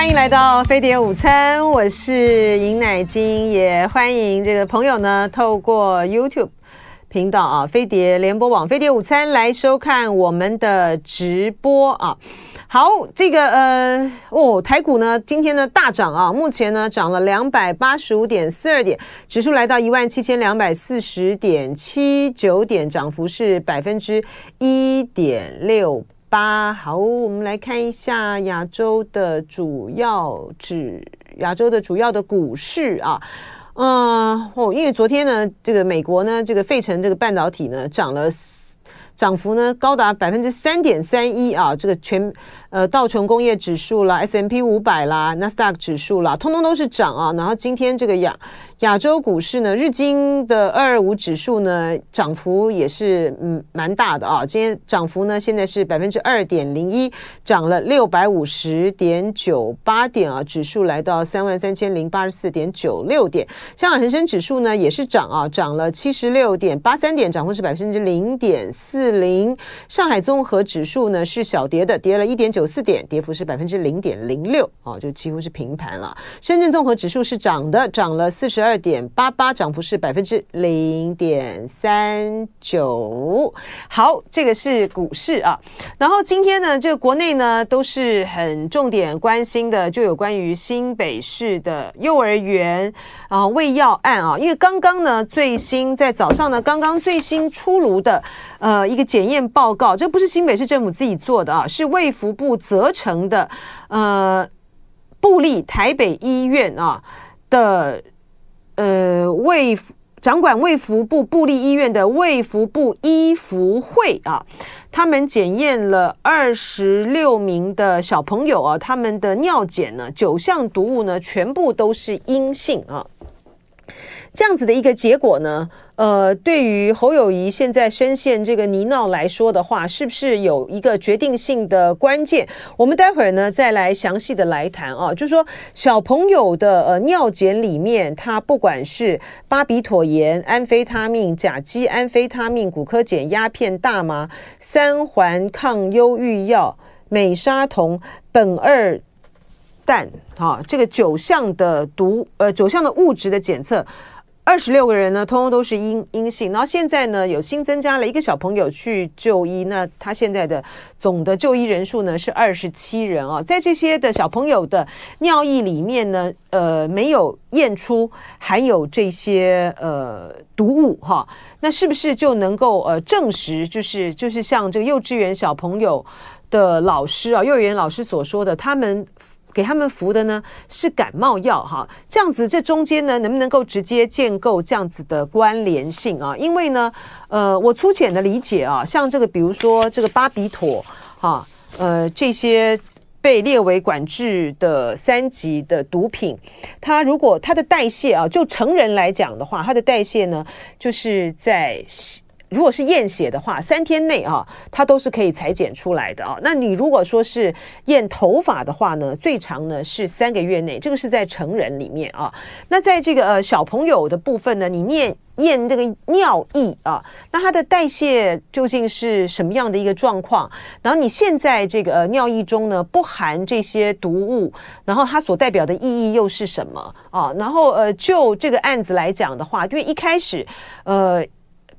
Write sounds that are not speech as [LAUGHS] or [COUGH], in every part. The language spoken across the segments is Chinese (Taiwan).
歡迎來到飛碟午餐，我是尹乃菁，也歡迎這個朋友呢，透過 YouTube 頻道啊，飛碟聯播網、飛碟午餐來收看我們的直播啊。好，這個呃哦，台股呢今天呢大漲啊，目前呢漲了兩百八十五點四二點，指數來到一萬七千兩百四十點七九點，漲幅是百分之一點六。八好，我們來看一下亞洲的主要指亞洲的主要的股市啊，嗯，哦，因為昨天呢，這個美國呢，這個費城這個半導體呢漲了，漲幅呢高達百分之三點三一啊，這個全。呃，道瓊工業指數啦，S&P 五百啦，納斯達克指數啦，通通都是漲啊。然後今天這個亞亞洲股市呢，日經的二二五指數呢，漲幅也是嗯蠻大的啊。今天漲幅呢，現在是百分之二點零一，漲了六百五十點九八點啊，指數來到三萬三千零八十四點九六點。香港恆生指數呢也是漲啊，漲了七十六點八三點，漲幅是百分之零點四零。上海綜合指數呢是小跌的，跌了一點九。九四點，跌幅是百分之零點零六啊，就幾乎是平盤了。深圳綜合指數是漲的，漲了四十二點八八，漲幅是百分之零點三九。好，這個是股市啊。然後今天呢，這個國內呢都是很重點關心的，就有關於新北市的幼兒園啊餵藥案啊，因為剛剛呢最新在早上呢剛剛最新出爐的呃一個檢驗報告，這不是新北市政府自己做的啊，是衛福部，負責成的，呃，部立台北醫院啊的，呃，衛福掌管衛福部部立醫院的衛福部醫福會啊，他們檢驗了二十六名的小朋友啊，他們的尿檢呢，九項毒物呢，全部都是陰性啊，這樣子的一個結果呢。呃，對於侯友宜現在深陷這個泥淖來說的話，是不是有一個決定性的關鍵？我們待會兒呢再來詳細的來談啊，就是說小朋友的呃尿檢裡面，他不管是巴比妥鹽、安非他命、甲基安非他命、古柯鹼、鴉片、大麻、三環抗憂鬱藥、美沙酮、苯二氮，哈、啊，這個九項的毒呃九項的物質的檢測。二十六個人呢，通通都是陰陰性。然後現在呢，有新增加了一個小朋友去就醫，那他現在的總的就醫人數呢是二十七人啊、哦。在這些的小朋友的尿液裡面呢，呃，沒有驗出含有這些呃毒物哈。那是不是就能夠呃證實，就是就是像這個幼稚園小朋友的老師啊，幼兒園老師所說的，他們。給他們服的呢是感冒藥哈，這樣子這中間呢能不能夠直接建構這樣子的關聯性啊？因為呢，呃，我粗淺的理解啊，像這個比如說這個巴比妥哈，呃，這些被列為管制的三級的毒品，它如果它的代謝啊，就成人來講的話，它的代謝呢就是在。如果是驗血的話，三天內啊，它都是可以裁剪出來的啊。那你如果說是驗頭髮的話呢，最長呢是三個月內，這個是在成人裡面啊。那在這個呃小朋友的部分呢，你念驗這個尿液啊，那它的代謝究竟是什麼樣的一個狀況？然後你現在這個、呃、尿液中呢不含這些毒物，然後它所代表的意義又是什麼啊？然後呃，就這個案子來講的話，因為一開始呃。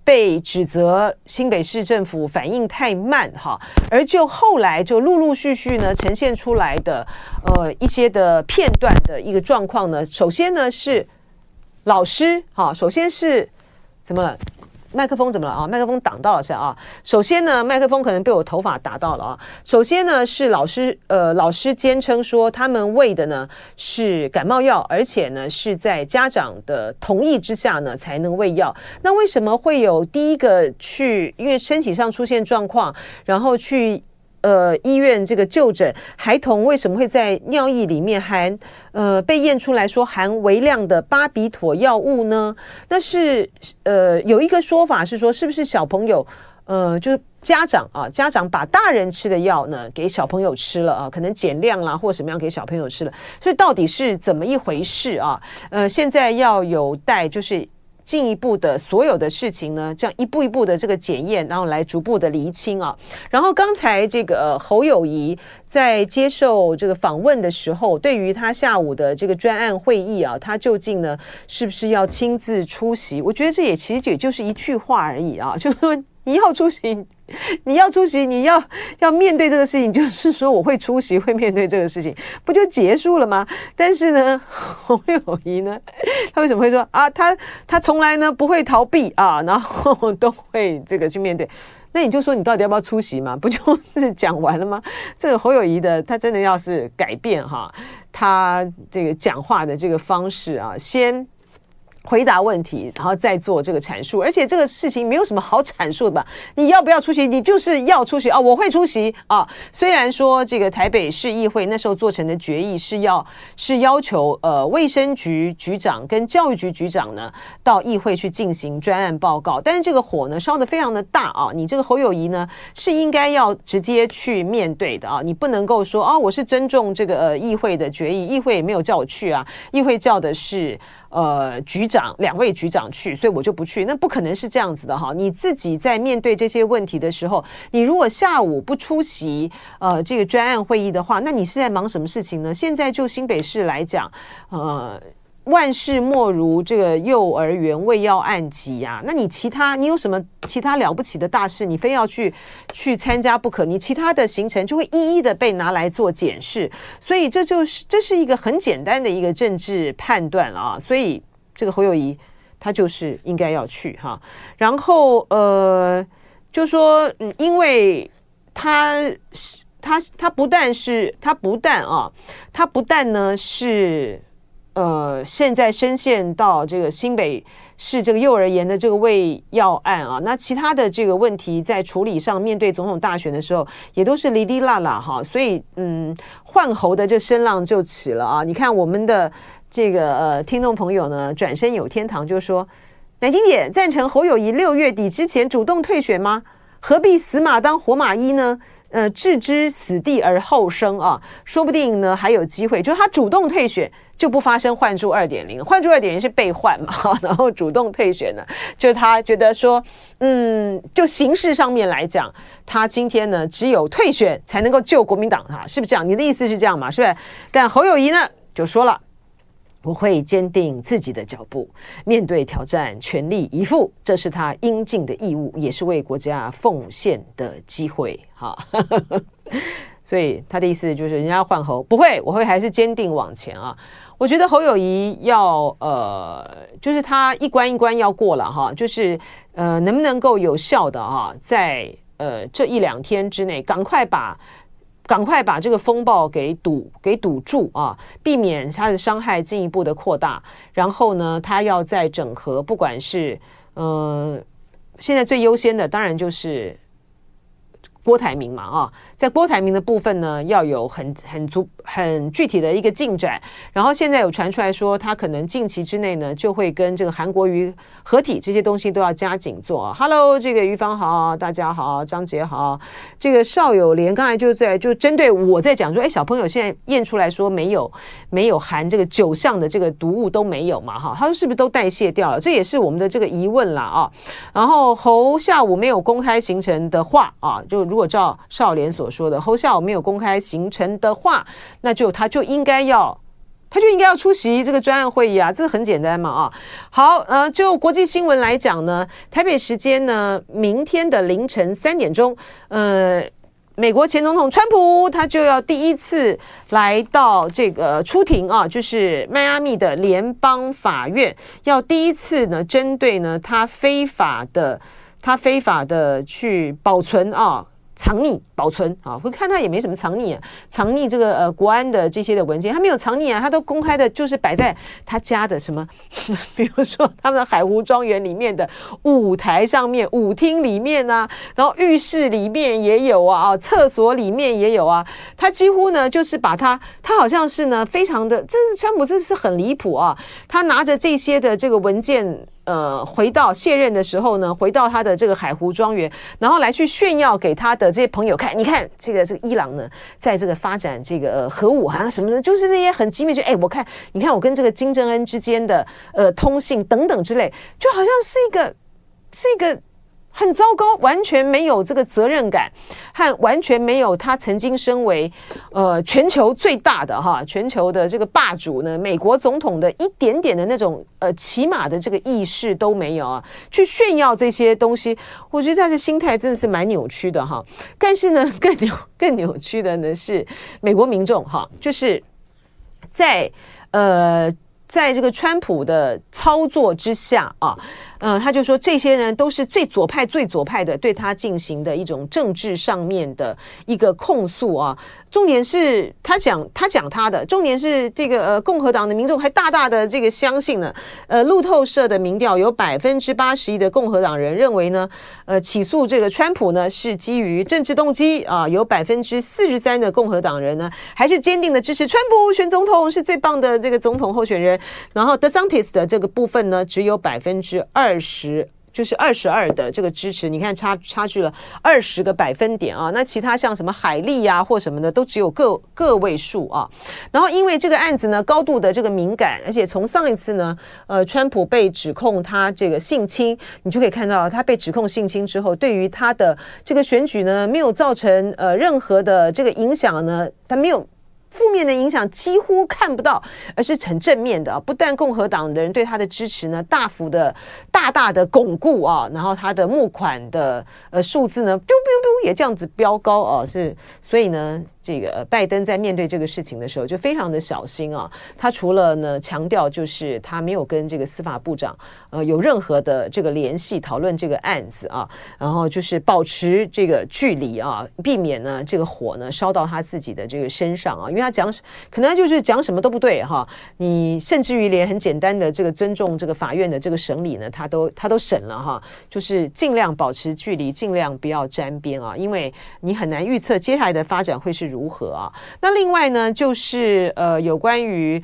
被指責新北市政府反應太慢，哈，而就後來就陸陸續續呢呈現出來的，呃一些的片段的一個狀況呢，首先呢是老師，哈，首先是怎麼了？麥克風怎麼了啊？麥克風擋到了是啊。首先呢，麥克風可能被我頭髮打到了啊。首先呢，是老師呃，老師堅稱說他們餵的呢是感冒藥，而且呢是在家長的同意之下呢才能餵藥。那為什麼會有第一個去？因為身體上出現狀況，然後去。呃，醫院這個就診，孩童為什麼會在尿液裡面含呃被驗出來說含微量的巴比妥藥物呢？那是呃有一個說法是說，是不是小朋友呃就是家長啊，家長把大人吃的藥呢給小朋友吃了啊，可能減量啦或什麼樣給小朋友吃了？所以到底是怎麼一回事啊？呃，現在要有待就是，進一步的所有的事情呢，這樣一步一步的這個檢驗，然後來逐步的釐清啊。然後剛才這個侯友宜在接受這個訪問的時候，對於他下午的這個專案會議啊，他究竟呢是不是要親自出席？我覺得這也其實也就是一句話而已啊，就是說你要出席。你要出席，你要要面對這個事情，就是說我會出席，會面對這個事情，不就結束了嗎？但是呢，侯友宜呢，他為什麼會說啊？他他從來呢不會逃避啊，然後都會這個去面對。那你就說你到底要不要出席嘛？不就是講完了嗎？這個侯友宜的，他真的要是改變哈、啊，他這個講話的這個方式啊，先。回答問題，然後再做這個闡述。而且這個事情沒有什麼好闡述的吧？你要不要出席？你就是要出席啊！我會出席啊。雖然說這個台北市議會那時候做成的決議是要是要求呃衛生局局長跟教育局局長呢到議會去進行專案報告，但是這個火呢燒得非常的大啊！你這個侯友宜呢是應該要直接去面對的啊！你不能夠說啊，我是尊重這個呃議會的決議，議會也沒有叫我去啊，議會叫的是。呃，局長，兩位局長去，所以我就不去。那不可能是這樣子的哈！你自己在面對這些問題的時候，你如果下午不出席呃這個專案會議的話，那你是在忙什麼事情呢？現在就新北市來講，呃。萬事莫如這個幼兒園餵藥案急啊，那你其他你有什麼其他了不起的大事，你非要去去參加不可？你其他的行程就會一一的被拿來做檢視，所以這就是這是一個很簡單的一個政治判斷啊。所以這個侯友宜他就是應該要去哈、啊。然後呃，就說，嗯，因為他是他他不但是他不但啊，他不但呢是。呃，現在深陷到這個新北市這個幼兒園的這個餵藥案啊，那其他的這個問題在處理上，面對總統大選的時候，也都是哩哩啦啦哈，所以嗯，換侯的這聲浪就起了啊。你看我們的這個呃聽眾朋友呢，轉身有天堂就說，乃菁姐贊成侯友宜六月底之前主動退選嗎？何必死馬當活馬醫呢？呃，置之死地而後生啊，說不定呢還有機會。就是他主動退選，就不發生換柱二點零。換柱二點零是被換嘛，然後主動退選呢，就是他覺得說，嗯，就形式上面來講，他今天呢只有退選才能夠救國民黨，哈，是不是這樣？你的意思是這樣嘛，是不是？但侯友宜呢就說了。不會堅定自己的腳步，面對挑戰，全力以赴，這是他應盡的義務，也是為國家奉獻的機會。哈， [LAUGHS] 所以他的意思就是，人家換侯不會，我會還是堅定往前啊。我覺得侯友宜要呃，就是他一關一關要過了哈，就是呃，能不能夠有效的哈，在呃這一兩天之內，趕快把。趕快把這個風暴給堵給堵住啊，避免它的傷害進一步的擴大。然後呢，他要再整合，不管是嗯、呃，現在最優先的當然就是。郭台銘嘛，啊，在郭台銘的部分呢，要有很很足、很具體的一個進展。然後現在有傳出來說，他可能近期之內呢，就會跟這個韓國瑜合體，這些東西都要加緊做、啊。Hello，這個於芳好、啊，大家好、啊，張杰好、啊，這個邵友蓮剛才就在就針對我在講說，哎，小朋友現在驗出來說沒有沒有含這個九項的這個毒物都沒有嘛、啊，哈，他說是不是都代謝掉了？這也是我們的這個疑問啦，啊，然後侯下午沒有公開行程的話，啊，就。如果照少年所說的，侯友宜沒有公開行程的話，那就他就應該要，他就應該要出席這個專案會議啊，這個很簡單嘛啊。好，呃，就國際新聞來講呢，台北時間呢，明天的凌晨三點鐘，呃，美國前總統川普他就要第一次來到這個出庭啊，就是邁阿密的聯邦法院，要第一次呢，針對呢他非法的，他非法的去保存啊。藏匿保存啊，會看他也沒什麼藏匿啊，藏匿這個呃國安的這些的文件，他沒有藏匿啊，他都公開的，就是擺在他家的什麼， [LAUGHS] 比如說他們的海湖莊園裡面的舞台上面、舞廳裡面啊，然後浴室裡面也有啊，廁所裡面也有啊，他幾乎呢就是把他，他好像是呢非常的，這是川普，這是很離譜啊，他拿着這些的這個文件。呃，回到卸任的時候呢，回到他的這個海湖莊園，然後來去炫耀給他的這些朋友看，你看這個這個伊朗呢，在這個發展這個、呃、核武啊什麼的，就是那些很機密，就哎，我看，你看我跟這個金正恩之間的呃通信等等之類，就好像是一個是一個。很糟糕，完全沒有這個責任感，和完全沒有他曾經身為呃全球最大的哈全球的這個霸主呢，美國總統的一點點的那種呃起碼的這個意識都沒有啊，去炫耀這些東西，我覺得他的心態真的是蠻扭曲的哈。但是呢，更扭更扭曲的呢是美國民眾哈，就是在呃在這個川普的操作之下啊。嗯，他就說這些呢都是最左派、最左派的對他進行的一種政治上面的一個控訴啊。重點是他講他講他的，重點是這個呃共和黨的民眾還大大的這個相信呢。呃，路透社的民調有百分之八十一的共和黨人認為呢，呃起訴這個川普呢是基於政治動機啊、呃。有百分之四十三的共和黨人呢還是堅定的支持川普選總統是最棒的這個總統候選人。然後德桑蒂斯的這個部分呢只有百分之二。二十就是二十二的這個支持，你看差差距了二十個百分點啊！那其他像什麼海利呀、啊、或什麼的，都只有個個位數啊。然後因為這個案子呢，高度的這個敏感，而且從上一次呢，呃，川普被指控他這個性侵，你就可以看到他被指控性侵之後，對於他的這個選舉呢，沒有造成呃任何的這個影響呢，他沒有。負面的影響幾乎看不到，而是呈正面的啊！不但共和黨的人對他的支持呢，大幅的、大大的鞏固啊，然後他的募款的呃數字呢，嘟嘟嘟也這樣子飆高啊，是，所以呢。這個拜登在面對這個事情的時候，就非常的小心啊。他除了呢強調，就是他沒有跟這個司法部長呃有任何的這個聯繫，討論這個案子啊。然後就是保持這個距離啊，避免呢這個火呢燒到他自己的這個身上啊。因為他講可能就是講什麼都不對哈、啊，你甚至於連很簡單的這個尊重這個法院的這個審理呢，他都他都省了哈。就是盡量保持距離，盡量不要沾邊啊，因為你很難預測接下來的發展會是如何啊？那另外呢，就是呃，有關於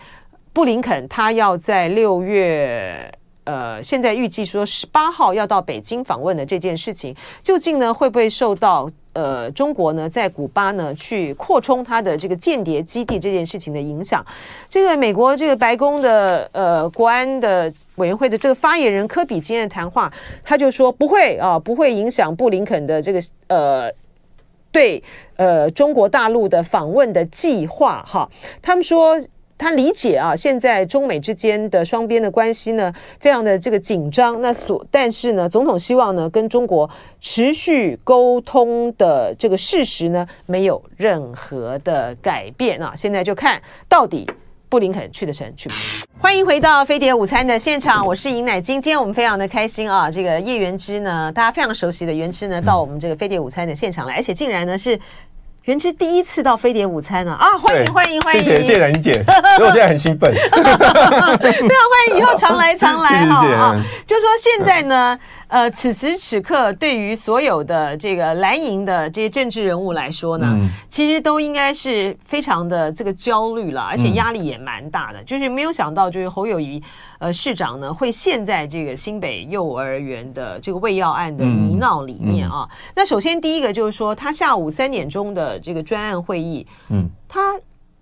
布林肯他要在六月呃，現在預計說十八號要到北京訪問的這件事情，究竟呢會不會受到呃中國呢在古巴呢去擴充他的這個間諜基地這件事情的影響？這個美國這個白宮的呃國安的委員會的這個發言人科比今天的談話，他就說不會啊，呃，不會影響布林肯的這個呃。對，呃，中國大陸的訪問的計劃，哈，他們說他理解啊，現在中美之間的雙邊的關係呢，非常的這個緊張，那所但是呢，總統希望呢，跟中國持續溝通的這個事實呢，沒有任何的改變啊，現在就看到底。布林肯去得成，去，神去神。歡迎回到《飛碟午餐》的現場，我是尹乃菁。今天我們非常的開心啊，這個葉元之呢，大家非常熟悉的元之呢，到我們這個《飛碟午餐》的現場來、嗯、而且竟然呢是元之第一次到《飛碟午餐》啊啊啊！歡迎歡迎歡迎，對歡迎謝謝謝蘭姐，所以 [LAUGHS] 我現在很興奮， [LAUGHS] [LAUGHS] 非常歡迎，以後常來常來哈 [LAUGHS] 啊，就說現在呢。嗯呃，此時此刻，對於所有的這個藍營的這些政治人物來說呢，嗯、其實都應該是非常的這個焦慮了，而且壓力也蠻大的。嗯、就是沒有想到，就是侯友宜，呃，市長呢會陷在這個新北幼兒園的這個餵藥案的泥淖裡面啊。嗯嗯、那首先第一個就是說，他下午三點鐘的這個專案會議，嗯，他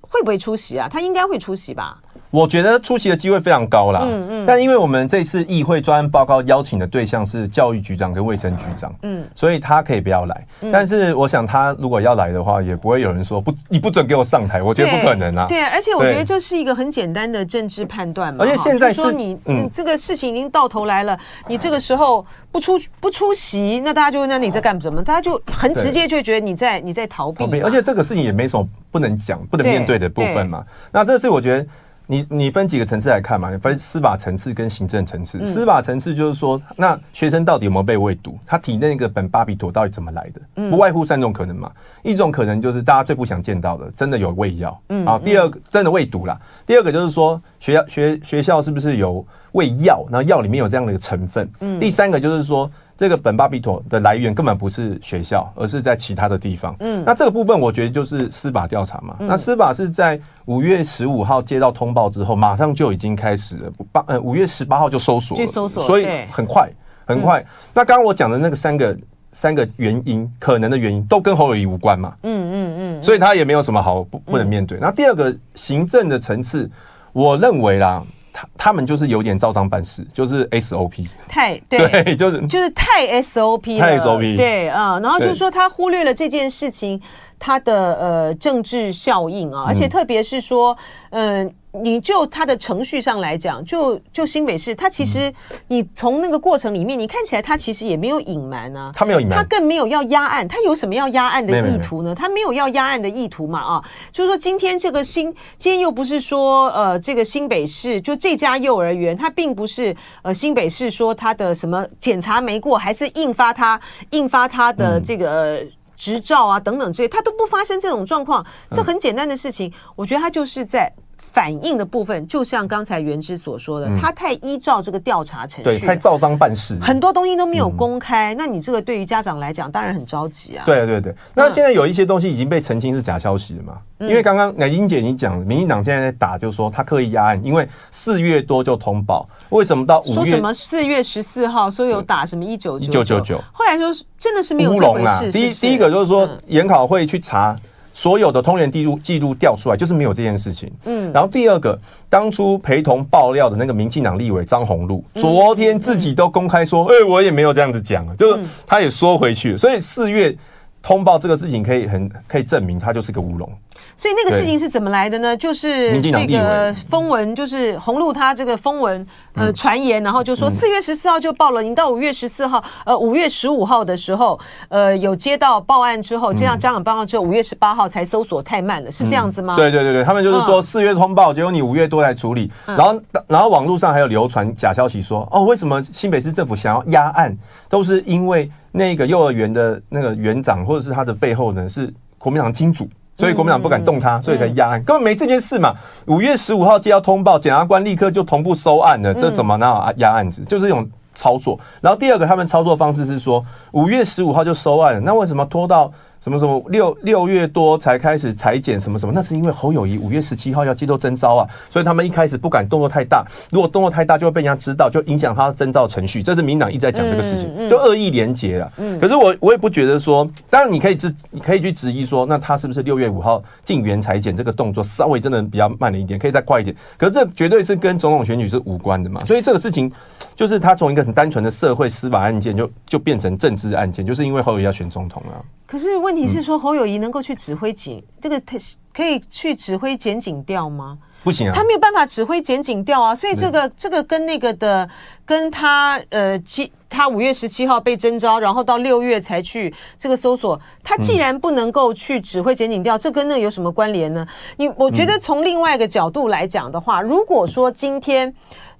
會不會出席啊？他應該會出席吧。我覺得出席的機會非常高啦，嗯嗯，嗯，但因為我們這次議會專案報告邀請的對象是教育局長跟衛生局長，嗯，所以他可以不要來。嗯、但是我想，他如果要來的話，也不會有人說不，你不准給我上台，我覺得不可能啦。對，而且我覺得這是一個很簡單的政治判斷嘛。而且現在是，嗯、是說你，嗯、這個事情已經到頭來了，嗯、你這個時候不出不出席，那大家就問那你在幹什麼？哦、大家就很直接就覺得你在對你在逃避。逃避。而且這個事情也沒什麼不能講，不能面對的部分嘛。那這次我覺得。你你分幾個層次來看嘛？你分司法層次跟行政層次。司法層次就是說，那學生到底有沒有被餵毒？他體內那個苯巴比妥到底怎麼來的？不外乎三種可能嘛。一種可能就是大家最不想見到的，真的有餵藥。啊，第二個真的餵毒啦。第二個就是說，學校學學校是不是有餵藥？然後藥裡面有這樣的一個成分。第三個就是說。這個本巴比妥的來源根本不是學校，而是在其他的地方。嗯，那這個部分我覺得就是司法調查嘛。嗯、那司法是在五月十五號接到通報之後，馬上就已經開始了。八呃，五月十八號就搜索，了，去搜索，所以很快很快。嗯、那剛剛我講的那個三個三個原因，可能的原因都跟侯友宜無關嘛。嗯嗯嗯，嗯嗯所以他也沒有什麼好不不能面對。嗯、那第二個行政的層次，我認為啦。他他們就是有點照章辦事，就是 SOP 太對， [LAUGHS] 對，就是就是太 SOP 了太 SOP 對啊、嗯，然後就是說他忽略了這件事情它的對呃政治效應啊、哦，而且特別是說嗯。呃你就他的程序上來講，就就新北市，他其實你從那個過程裡面，嗯、你看起來他其實也沒有隱瞞啊。他沒有隱瞞，他更沒有要壓案，他有什麼要壓案的意圖呢？他沒，沒，沒，沒有要壓案的意圖嘛？啊，就是說今天這個新，今天又不是說呃，這個新北市就這家幼兒園，他並不是呃新北市說他的什麼檢查沒過，還是印發他印發他的這個、呃、執照啊等等這些，他、嗯、都不發生這種狀況，這很簡單的事情，嗯、我覺得他就是在。反應的部分，就像剛才元之所說的，嗯、他太依照這個調查程序，太照章辦事，很多東西都沒有公開。嗯、那你這個對於家長來講，當然很着急啊。對對對，那，那現在有一些東西已經被澄清是假消息了嘛？嗯、因為剛剛乃菁姐你講，民進黨現在在打，就是說他刻意壓案，因為四月多就通報，為什麼到五月，說什麼四月十四號說有打什麼一九九九九，1999, 後來說真的是沒有烏龍，啊，是是第一，第一個就是說研考會去查。嗯所有的通聯記錄記錄調出來，就是沒有這件事情。嗯，然後第二個，當初陪同爆料的那個民進黨立委張宏陸，昨天自己都公開說，哎，我也沒有這樣子講啊，就是他也說回去。所以四月通報這個事情，可以很可以證明，他就是個烏龍。所以那個事情是怎麼來的呢？對就是這個風聞，就是紅路他這個風聞，呃，傳言，然後就說四月十四號就報了，嗯嗯、你到五月十四號，呃，五月十五號的時候，呃，有接到報案之後，接到家長報案之後，五月十八號才搜索，太慢了，是這樣子嗎？對對對，他們就是說四月通報，結果你五月多來處理，嗯、然後然後網絡上還有流傳假消息說，哦，為什麼新北市政府想要壓案，都是因為那個幼兒園的那個園長或者是他的背後呢是國民黨金主。所以國民黨不敢動他，所以才壓案，根本沒這件事嘛。五月十五號接到通報，檢察官立刻就同步收案了，這怎麼能有壓案子？就是一種操作。然後第二個，他們操作方式是說，五月十五號就收案了，那為什麼拖到？什麼什麼六六月多才開始採檢什麼什麼，那是因為侯友宜五月十七號要接受徵召啊，所以他們一開始不敢動作太大。如果動作太大，就會被人家知道，就影響他徵召程序。這是民黨一直在講這個事情，就惡意連結了。嗯嗯、可是我我也不覺得說，當然你可以你可以去質疑說，那他是不是六月五號進園採檢這個動作稍微真的比較慢了一點，可以再快一點。可是這絕對是跟總統選舉是無關的嘛。所以這個事情就是他從一個很單純的社會司法案件就，就就變成政治案件，就是因為侯友宜要選總統啊。可是問題是說，侯友宜能夠去指揮警，這個他可以去指揮檢警調嗎？不行啊，他沒有辦法指揮檢警調啊。所以這個這個跟那個的，跟他呃，七他五月十七號被徵召，然後到六月才去這個搜索。他既然不能夠去指揮檢警調，這跟那有什麼關聯呢？你我覺得從另外一個角度來講的話，如果說今天。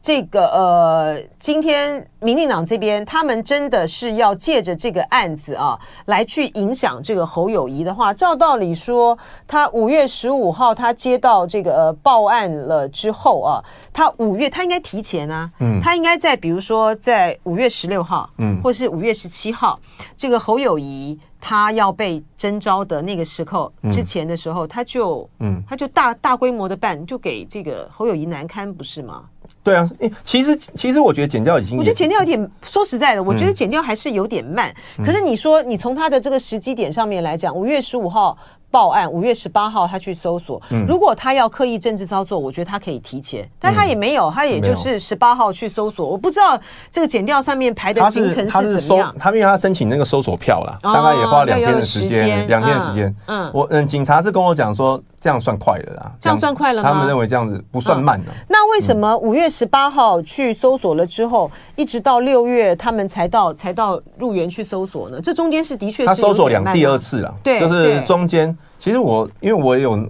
這個呃，今天民進黨這邊他們真的是要借着這個案子啊，來去影響這個侯友宜的話。照道理說，他五月十五號他接到這個、呃、報案了之後啊，他五月他應該提前啊，嗯，他應該在比如說在五月十六號，嗯，或是五月十七號，這個侯友宜他要被徵召的那個時候之前的時候，他就嗯，他就大大規模的辦，就給這個侯友宜難堪，不是嗎？對啊，誒，其實其實我覺得檢調已經，我覺得檢調有點，說實在的，我覺得檢調還是有點慢。嗯、可是你說，你從他的這個時機點上面來講，五月十五號報案，五月十八號他去搜索，嗯、如果他要刻意政治操作，我覺得他可以提前，但他也沒有，嗯、他也就是十八號去搜索。嗯、我不知道這個檢調上面排的行程是怎麼樣他他。他因為他申請那個搜索票了，大概、哦、也花兩天的時間，兩、嗯嗯、天的時間、嗯。嗯，我嗯警察是跟我講說。這樣算快了啦，這樣算快了嗎？他們認為這樣子不算慢呢。那為什麼五月十八號去搜索了之後，一直到六月，他們才到才到入園去搜索呢？這中間是的確他搜索兩第二次了，對，就是中間。其實我因為我有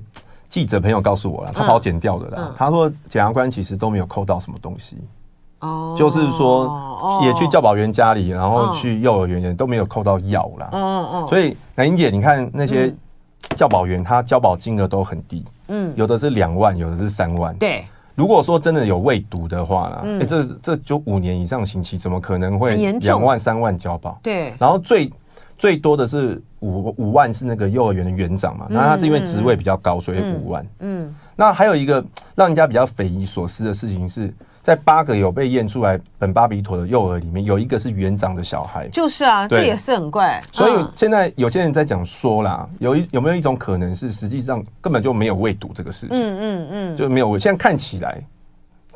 記者朋友告訴我了，他跑檢調的了，他說檢察官其實都沒有扣到什麼東西哦，就是說也去教保員家裡，然後去幼兒園也都沒有扣到藥了。嗯嗯，所以乃菁姐，你看那些。教保員他交保金額都很低，嗯，有的是兩萬，有的是三萬。對，如果說真的有餵毒的話了，嗯，這這就五年以上刑期，怎麼可能會兩萬三萬交保？對，然後最最多的是五五萬，是那個幼兒園的園長嘛，那，嗯，他是因為職位比較高，嗯，所以五萬嗯。嗯，那還有一個讓人家比較匪夷所思的事情是。在八個有被驗出來苯巴比妥的幼兒裡面，有一個是園長的小孩，就是啊，對 這也是很怪。嗯、所以現在有些人在講說啦，有一有沒有一種可能是，實際上根本就沒有餵毒這個事情？嗯嗯嗯，就沒有。我現在看起來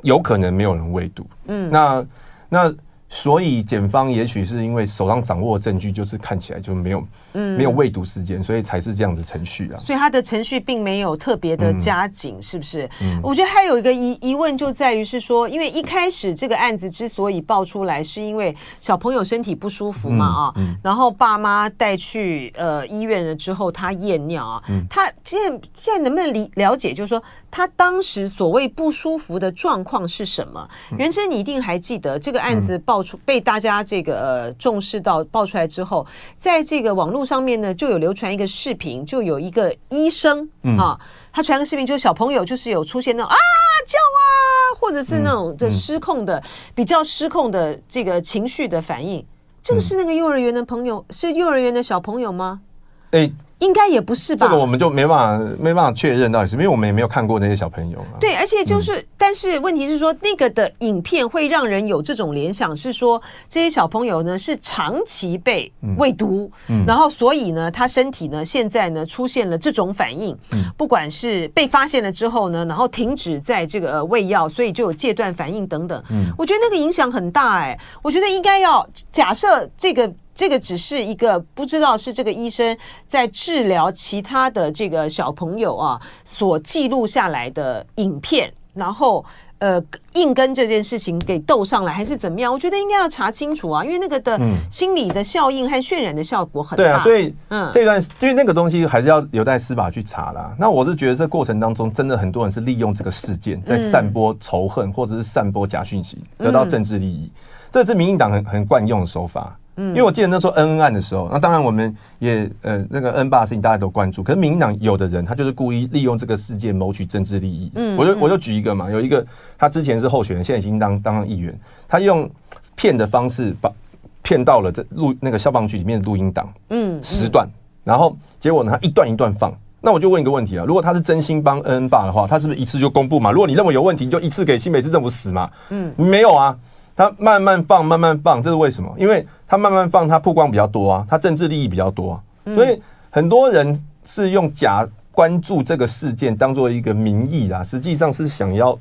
有可能沒有人餵毒。嗯，嗯那，那那。所以檢方也許是因為手上掌握的證據，就是看起來就沒有沒有未讀時間，嗯、所以才是這樣子程序啊。所以他的程序並沒有特別的加緊，嗯、是不是？嗯、我覺得還有一個疑疑問就在於是說，因為一開始這個案子之所以爆出來，是因為小朋友身體不舒服嘛啊，嗯嗯、然後爸媽帶去呃醫院了之後，他驗尿啊，他現在現在能不能理了解，就是說他當時所謂不舒服的狀況是什麼？元之你一定還記得這個案子爆。被大家這個、呃、重視到爆出來之後，在這個網絡上面呢，就有流傳一個視頻，就有一個醫生、嗯、啊，他傳個視頻，就是小朋友就是有出現那種啊叫啊，或者是那種的失控的、嗯、比較失控的這個情緒的反應。這個是那個幼兒園的朋友，嗯、是幼兒園的小朋友嗎？欸。應該也不是吧？這個我們就沒辦法沒辦法確認到底是，因為我們也沒有看過那些小朋友嘛。對，而且就是，但是問題是說，嗯、那個的影片會讓人有這種聯想，是說這些小朋友呢是長期被餵毒，嗯、然後所以呢他身體呢現在呢出現了這種反應。嗯、不管是被發現了之後呢，然後停止在這個呃餵藥，所以就有戒斷反應等等。嗯、我覺得那個影響很大哎、欸，我覺得應該要假設這個。這個只是一個不知道是這個醫生在治療其他的這個小朋友啊，所記錄下來的影片，然後呃硬跟這件事情給鬥上來還是怎麼樣？我覺得應該要查清楚啊，因為那個的心理的效應和渲染的效果很大。嗯、對啊，所以嗯，這段因為那個東西還是要有待司法去查啦。那我是覺得這過程當中真的很多人是利用這個事件在散播仇恨或者是散播假訊息，嗯、得到政治利益，這是民進黨很很慣用的手法。因為我記得那時候恩恩案的時候，那當然我們也呃那個恩爸事情大家都關注，可是民進黨有的人他就是故意利用這個事件謀取政治利益嗯。嗯，我就我就舉一個嘛，有一個他之前是候選人，現在已經當當議員，他用騙的方式把騙到了這錄那個消防局裡面的錄音檔，嗯，嗯，十段，然後結果呢，他一段一段放，那我就問一個問題啊，如果他是真心幫恩恩爸的話，他是不是一次就公布嘛？如果你認為有問題，就一次給新北市政府死嘛？嗯，沒有啊。他慢慢放，慢慢放，這是為什麼？因為，他慢慢放，他曝光比較多啊，他政治利益比較多、啊，所以很多人是用假關注這個事件當做一個名義啦，實際上是想要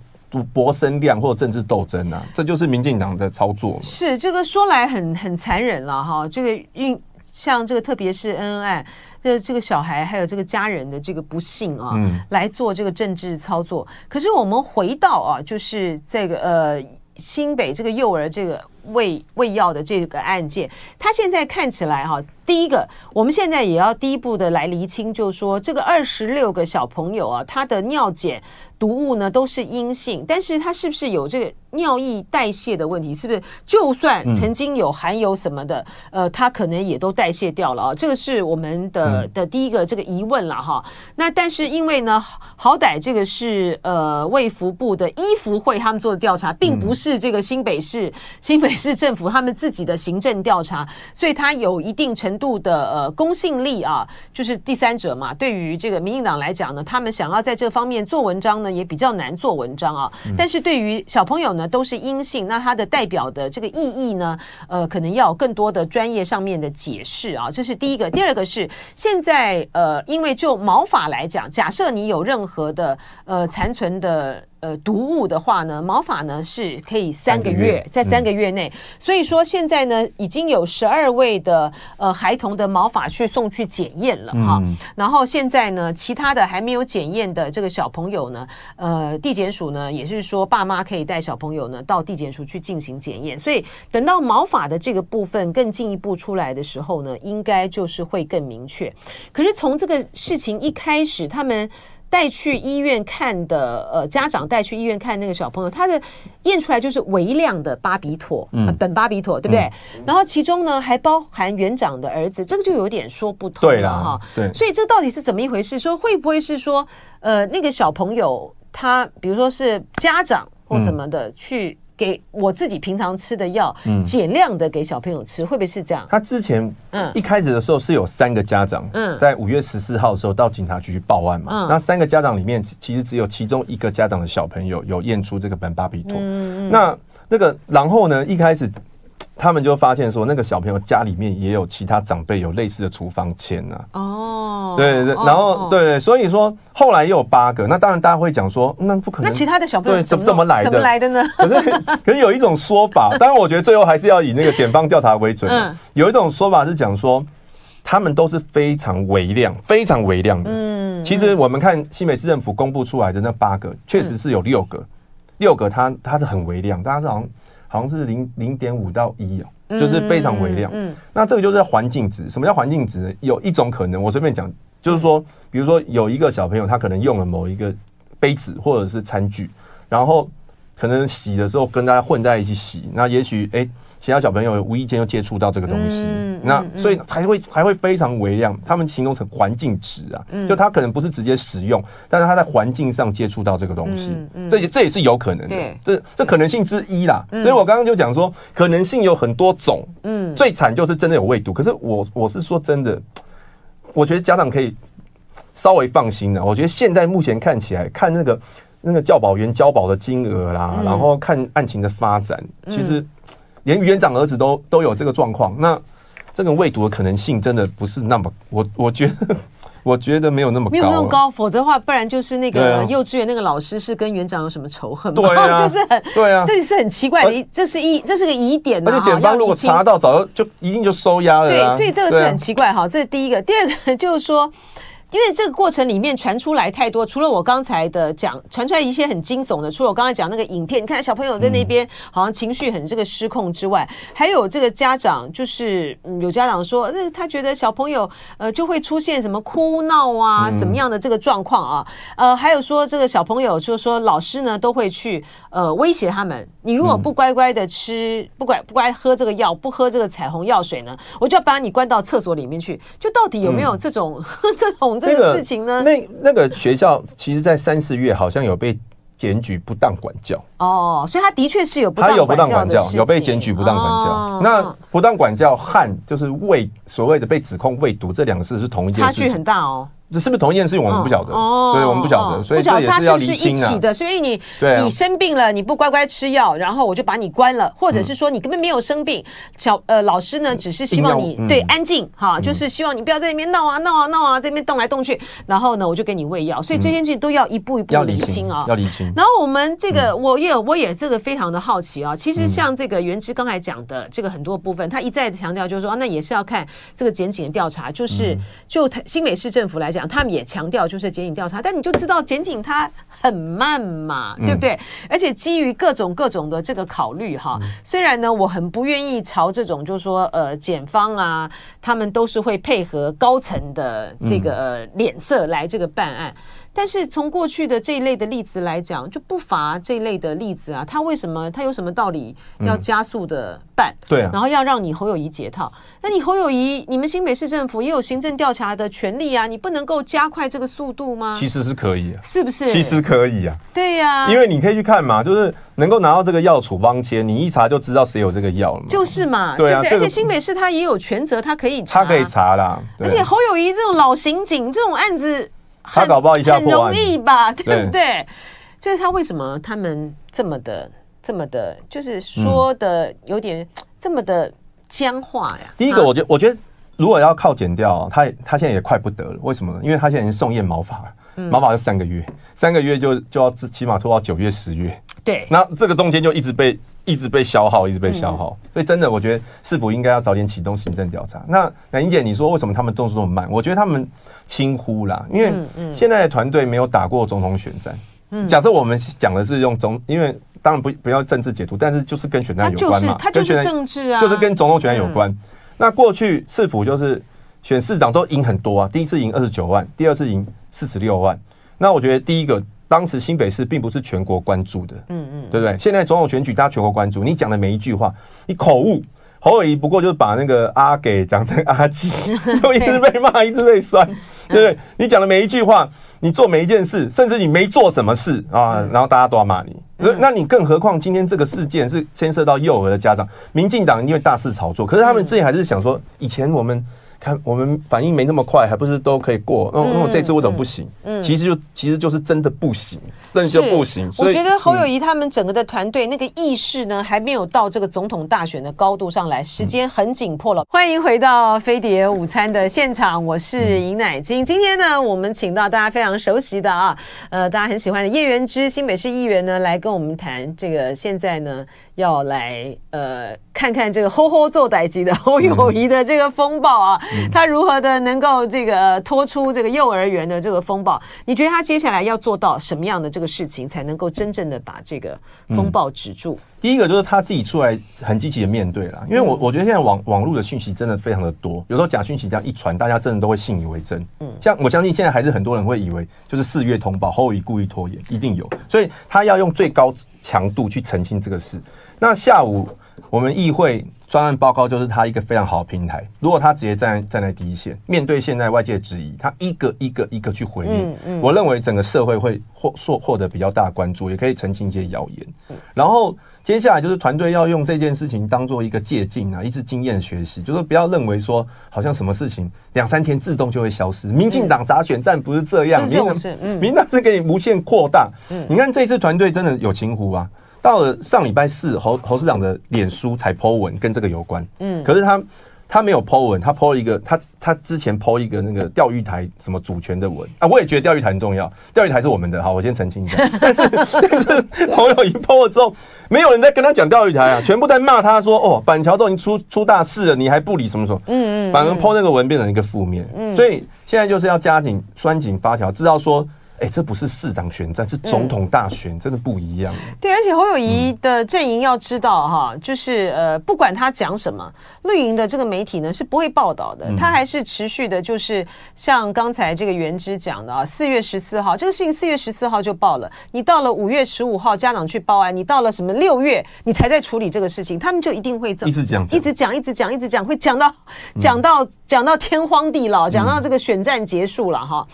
博聲量或者政治鬥爭啊，這就是民進黨的操作嘛。是這個說來很很殘忍了哈，這個運像這個特別是恩恩案這個、這個小孩還有這個家人的這個不幸啊，來做這個政治操作。可是我們回到啊，就是這個呃。新北這個幼兒這個。喂餵藥的這個案件，他現在看起來哈、啊，第一個，我們現在也要第一步的來釐清，就是說這個二十六個小朋友啊，他的尿檢毒物呢都是陰性，但是他是不是有這個尿液代謝的問題？是不是就算曾經有含有什麼的，呃，他可能也都代謝掉了啊？這個是我們的的第一個這個疑問了哈。那但是因為呢，好歹這個是呃衛福部的醫福會他們做的調查，並不是這個新北市新北。市政府他們自己的行政調查，所以他有一定程度的呃公信力啊，就是第三者嘛。對於這個民進黨來講呢，他們想要在這方面做文章呢，也比較難做文章啊。但是對於小朋友呢，都是陰性，那他的代表的這個意義呢，呃，可能要有更多的專業上面的解釋啊。這是第一個，第二個是現在呃，因為就毛髮來講，假設你有任何的呃殘存的。呃，毒物的話呢，毛髮呢是可以三個月，三個月在三個月內，嗯、所以說現在呢已經有十二位的呃孩童的毛髮去送去檢驗了哈。嗯、然後現在呢，其他的還沒有檢驗的這個小朋友呢，呃，地檢署呢也是說，爸媽可以帶小朋友呢到地檢署去進行檢驗。所以等到毛髮的這個部分更進一步出來的時候呢，應該就是會更明確。可是從這個事情一開始，他們。帶去醫院看的，呃，家長帶去醫院看那個小朋友，他的驗出來就是微量的巴比妥，嗯、呃，苯巴比妥，對不對？嗯、然後其中呢還包含園長的兒子，這個就有點說不通，對了哈，對，對，所以這到底是怎麼一回事？說會不會是說，呃，那個小朋友他，比如說是家長或什麼的去、嗯。給我自己平常吃的藥，嗯，減量的給小朋友吃，嗯，會不會是這樣？他之前一開始的時候是有三個家長，嗯，在五月十四號的時候到警察局去報案嘛，嗯，那三個家長裡面其實只有其中一個家長的小朋友有驗出這個苯，嗯，巴比妥，嗯，那那個然後呢，一開始。他們就發現說，那個小朋友家裡面也有其他長輩有類似的處方箋呢。哦，對對、對，oh. 然後對、對，所以說後來又有八個。那當然，大家會講說，那不可能，那其他的小朋友怎麼對 怎麼來的？怎、怎麼來的呢？可是，可是有一種說法，當然，我覺得最後還是要以那個檢方調查為準。有一種說法是講說，他們都是非常微量、非常微量的。嗯，其實我們看新北市政府公布出來的那八個，確實是有六個，六個它它是很微量，大家好像，好像是零零點五到一，啊，就是非常微量。嗯嗯嗯，那這個就是環境值。什麼叫環境值？有一種可能，我隨便講，就是說，比如說有一個小朋友，他可能用了某一個杯子或者是餐具，然後可能洗的時候跟大家混在一起洗，那也許哎。欸其他小朋友無意間又接觸到這個東西。嗯，嗯嗯，那所以才會還會非常微量。他們形容成環境值啊。嗯，嗯，就他可能不是直接使用，但是他在環境上接觸到這個東西。嗯，嗯，這這也是有可能的對，這這可能性之一啦。所以我剛剛就講說，可能性有很多種。嗯，最慘就是真的有餵毒。可是我我是說真的，我覺得家長可以稍微放心的。我覺得現在目前看起來，看那個那個教保員交保的金額啦，然後看案情的發展，其實。連園長兒子都都有這個狀況，那這種餵毒的可能性真的不是那麼我我覺得我覺得沒有那麼高沒有那麼高，否則的話，不然就是那個幼稚園那個老師是跟園長有什麼仇恨對啊，就是很對啊，這是很奇怪的，這是一這是個疑點那、啊、個檢方如果查到，早就、嗯、就一定就收押了、啊。對，所以這個是很奇怪哈。啊、這是第一個，第二個就是說。因為這個過程裡面傳出來太多，除了我剛才的講，傳出來一些很驚悚的，除了我剛才講那個影片，你看小朋友在那邊好像情緒很這個失控之外，嗯、還有這個家長就是嗯有家長說，那、嗯、他覺得小朋友呃就會出現什麼哭鬧啊、嗯、什麼樣的這個狀況啊，呃，還有說這個小朋友就是說老師呢都會去呃威脅他們，你如果不乖乖的吃不乖不乖喝這個藥，不喝這個彩虹藥水呢，我就要把你關到廁所裡面去，就到底有沒有這種、嗯、 [LAUGHS] 這種？這個、這個事情呢，那那個學校其實，在三四月好像有被檢舉不當管教 [LAUGHS] 哦，所以他的確是有不當管教，他有不當管教，有被檢舉不當管教。哦、那不當管教和就是餵、所謂的被指控餵藥這兩個事是同一件事情，差距很大哦。這是不是同一件事情我、哦？我們不曉得哦。對我們不曉得，所以不曉得。也是、啊、不曉得他是不是一起的。所以你、啊、你生病了，你不乖乖吃藥，然後我就把你關了，或者是說你根本沒有生病。小呃，老師呢只是希望你、嗯、對安靜哈，嗯、就是希望你不要在那邊鬧啊鬧啊鬧啊，在那邊動來動去。然後呢，我就給你餵藥。所以這件事情都要一步一步要釐清啊、哦嗯，要理清。清然後我們這個我也我也這個非常的好奇啊、哦。其實像這個元之剛才講的這個很多部分，嗯、他一再強調就是說、啊，那也是要看這個檢警的調查，就是就新北市政府來講。他們也強調就是檢警調查，但你就知道檢警他很慢嘛，對不對？嗯、而且基於各種各種的這個考慮哈，嗯、雖然呢我很不願意朝這種就是說呃檢方啊，他們都是會配合高層的這個臉色來這個辦案。嗯嗯但是從過去的這一類的例子來講，就不乏這一類的例子啊。他為什麼他有什麼道理要加速的辦？嗯、對、啊，然後要讓你侯友宜解套？那你侯友宜，你們新北市政府也有行政調查的權利啊，你不能夠加快這個速度嗎？其實是可以、啊，是不是？其實可以啊。對呀、啊，因為你可以去看嘛，就是能夠拿到這個藥處方箋，你一查就知道誰有這個藥了嘛。就是嘛，對啊。而且新北市他也有權責，他可以查，他可以查啦。啊、而且侯友宜這種老刑警，這種案子。他搞不好一下不容易吧？對不對？嗯、就是他為什麼他們這麼的、這麼的，就是說的有點這麼的僵化呀？嗯啊、第一個，我覺我覺得，如果要靠檢調，他他現在也快不得了。為什麼呢？因為他現在已經送驗毛髮，毛髮要三個月，三個月就就要起碼拖到九月、十月。對，那這個中間就一直被。一直被消耗，一直被消耗，嗯、所以真的，我覺得市府應該要早點啟動行政調查。嗯、那乃菁姐，你說為什麼他們動作這麼慢？我覺得他們輕忽啦，因為現在的團隊沒有打過總統選戰。假設我們講的是用總，因為當然不不要政治解讀，但是就是跟選戰有關嘛，跟選政治啊，就是跟總統選戰有關。嗯、那過去市府就是選市長都贏很多啊，第一次贏二十九萬，第二次贏四十六萬。那我覺得第一個。當時新北市並不是全國關注的，嗯嗯，對不對？現在總統選舉大家全國關注，你講的每一句話，你口誤，侯友宜不過就是把那個阿給講成阿基，都一直被罵， [LAUGHS] 一直被摔， [LAUGHS] 對不對？你講的每一句話，你做每一件事，甚至你沒做什麼事啊，然後大家都要罵你，那、嗯嗯、那你更何況今天這個事件是牽涉到幼兒的家長，民進黨因為大肆炒作，可是他們自己還是想說以前我們。看，我們反應沒那麼快，還不是都可以過？那那這次我怎麼不行？嗯嗯嗯嗯、其實就其實就是真的不行，真的就不行。是以我覺得侯友宜他們整個的團隊那個意識呢，嗯、還沒有到這個總統大選的高度上來，時間很緊迫了。嗯、歡迎回到《飛碟午餐》的現場，我是尹乃菁。嗯、今天呢，我們請到大家非常熟悉的啊，呃，大家很喜歡的葉元之新北市議員呢，來跟我們談這個現在呢。要來呃看看這個 ho ho 的“吼吼”做代際的吼友誼的這個風暴啊，嗯、他如何的能夠這個拖出這個幼兒園的這個風暴？你覺得他接下來要做到什麼樣的這個事情，才能夠真正的把這個風暴止住？嗯第一個就是他自己出來很積極的面對了，因為我我覺得現在網網絡的訊息真的非常的多，有時候假訊息這樣一傳，大家真的都會信以為真。嗯，像我相信現在還是很多人會以為就是四月通報後已故意拖延，一定有，所以他要用最高強度去澄清這個事。那下午我們議會專案報告就是他一個非常好的平台，如果他直接站在站在第一線，面對現在外界質疑，他一個一個一個，一個去回應，嗯嗯、我認為整個社會會獲獲獲得比較大的關注，也可以澄清一些謠言，嗯、然後。接下來就是團隊要用這件事情當做一個借鏡啊，一次經驗學習，就是不要認為說好像什麼事情兩三天自動就會消失，民進黨雜選戰不是這樣，嗯、民民民進黨是給你無限擴大。嗯、你看這次團隊真的有輕忽啊，到了上禮拜四，侯侯市長的臉書才 PO 文跟這個有關。嗯，可是他。他沒有 Po 文，他 Po 一個，他他之前 Po 一個那個釣魚台什麼主權的文啊，我也覺得釣魚台很重要，釣魚台是我們的，好，我先澄清一下。 [LAUGHS] 但是但是侯友宜 Po 了之後，沒有人在跟他講釣魚台啊，全部在罵他說哦，板橋都已經出出大事了，你還不理什麼什麼？嗯嗯，反而 Po 那個文變成一個負面。嗯，所以現在就是要加緊拴緊發條，知道說。哎、欸，這不是市長選戰，是總統大選，嗯、真的不一樣。對，而且侯友宜的陣營要知道哈，嗯、就是呃，不管他講什麼，綠營的這個媒體呢是不會報道的，嗯、他還是持續的，就是像剛才這個元之講的啊，四月十四號這個事情，四月十四號就報了，你到了五月十五號家長去報案，你到了什麼六月，你才在處理這個事情，他們就一定會一直講，講一直講，一直講，一直講，一直講，會講到講到、嗯、講到講到天荒地老，講到這個選戰結束了哈。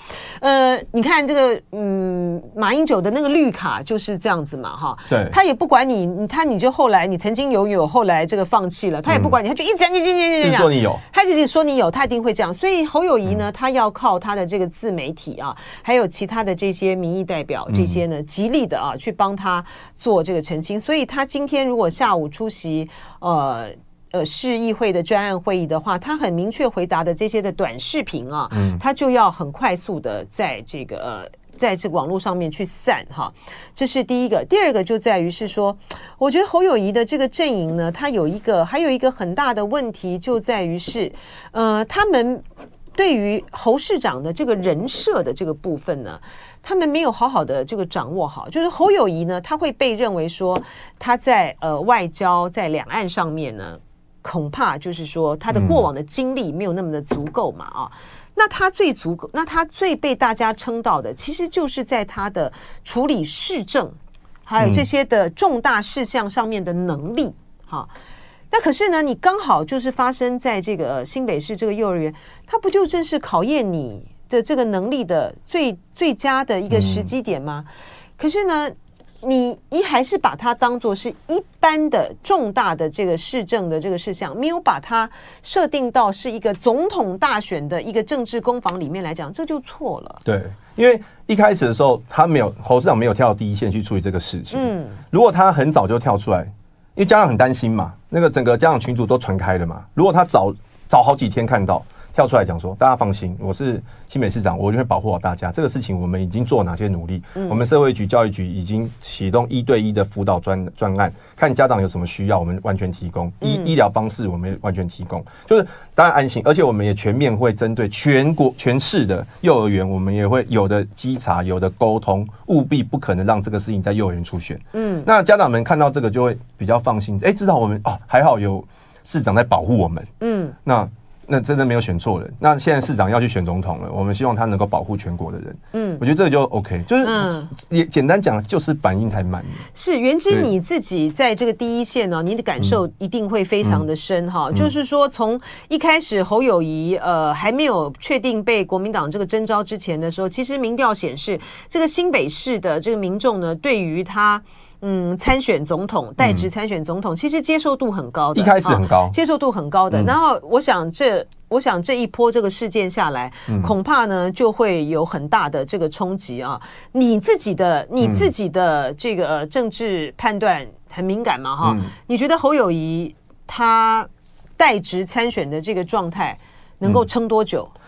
呃，你看這個。嗯，馬英九的那個綠卡就是這樣子嘛，哈，對，他也不管你，他你就後來你曾經有有，後來這個放棄了，他也不管你，他就一直講講講講講講，說你有，他就是說你有，他一定會這樣。所以侯友宜呢，他要靠他的這個自媒體啊，嗯、還有其他的這些民意代表這些呢，極力的啊，去幫他做這個澄清。所以他今天如果下午出席呃呃市議會的專案會議的話，他很明確回答的這些的短視頻啊，嗯、他就要很快速的在這個。呃在這個網絡上面去散哈，這是第一個。第二個就在於是說，我覺得侯友宜的這個陣營呢，他有一個，還有一個很大的問題就在於是，呃，他們對於侯市長的這個人設的這個部分呢，他們沒有好好的這個掌握好。就是侯友宜呢，他會被認為說他在呃外交在兩岸上面呢，恐怕就是說他的過往的經歷沒有那麼的足夠嘛、嗯、啊。那他最足夠，那他最被大家稱道的，其實就是在他的處理市政，還有這些的重大事項上面的能力。哈、嗯，那可是呢，你剛好就是發生在這個、呃、新北市這個幼兒園，它不就正是考驗你的這個能力的最最佳的一個時機點嗎？嗯、可是呢，你你還是把它當做是一般的重大的這個市政的這個事項，沒有把它設定到是一個總統大選的一個政治攻防裡面來講，這就錯了。對，因為一開始的時候，他沒有侯市長沒有跳到第一線去處理這個事情。嗯，如果他很早就跳出來，因為家長很擔心嘛，那個整個家長群組都傳開了嘛。如果他早早好幾天看到。跳出來講說，大家放心，我是新北市長，我就會保護好大家。這個事情我們已經做哪些努力？嗯、我們社會局、教育局已經啟動一對一的輔導專專案，看家長有什麼需要，我們完全提供醫醫療方式，我們完全提供。提供嗯、就是當然安心，而且我們也全面會針對全國全市的幼兒園，我們也會有的稽查，有的溝通，務必不可能讓這個事情在幼兒園出現。嗯，那家長們看到這個就會比較放心。哎、欸，至少我們哦還好有市長在保護我們。嗯，那。那真的沒有選錯人。那現在市長要去選總統了，我們希望他能夠保護全國的人。嗯，我覺得這個就 OK，就是、嗯、也簡單講，就是反應太慢。是，元之你自己在這個第一線呢、哦，對你的感受一定會非常的深哈。嗯、就是說，從一開始侯友宜呃還沒有確定被國民黨這個徵召之前的時候，其實民調顯示這個新北市的這個民眾呢，對於他。嗯，參選總統帶職參選總統，總統嗯、其實接受度很高的，一開始很高、啊，接受度很高的。嗯、然後我想這，我想這一波這個事件下來，嗯、恐怕呢就會有很大的這個衝擊啊。你自己的你自己的這個政治判斷很敏感嘛哈？嗯、你覺得侯友宜他帶職參選的這個狀態能夠撐多久？嗯嗯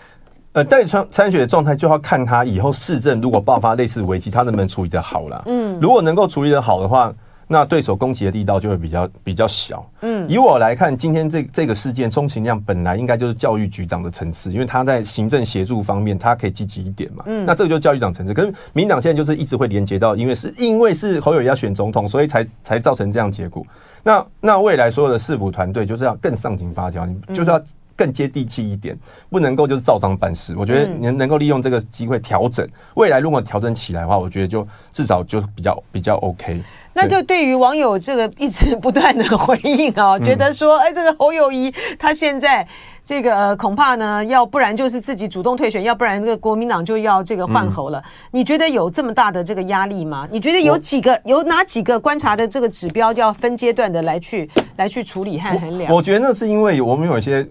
呃，戴川參選的狀態就要看他以後市政，如果爆發類似危機，他能不能處理得好了。嗯，如果能夠處理得好的話，那對手攻擊的力道就會比較比較小。嗯，以我來看，今天這這個事件，充其量本來應該就是教育局長的層次，因為他在行政協助方面，他可以積極一點嘛。嗯，那這個就是教育長層次，可是民黨現在就是一直會連結到，因為是因為是侯友宜要選總統，所以才才造成這樣結果。那那未來所有的市府團隊就是要更上緊發條，你就是要、嗯。更接地氣一點，不能夠就是照章辦事。我覺得您能夠利用這個機會調整，嗯、未來如果調整起來的話，我覺得就至少就比較比較 OK。那就對於網友這個一直不斷的回應啊、哦，嗯、覺得說，哎，這個侯友宜他現在這個、呃、恐怕呢，要不然就是自己主動退選，要不然這個國民黨就要這個換侯了。嗯、你覺得有這麼大的這個壓力嗎？你覺得有幾個我有哪幾個觀察的這個指標要分階段的來去來去處理和衡量？我覺得那是因為我們有一些。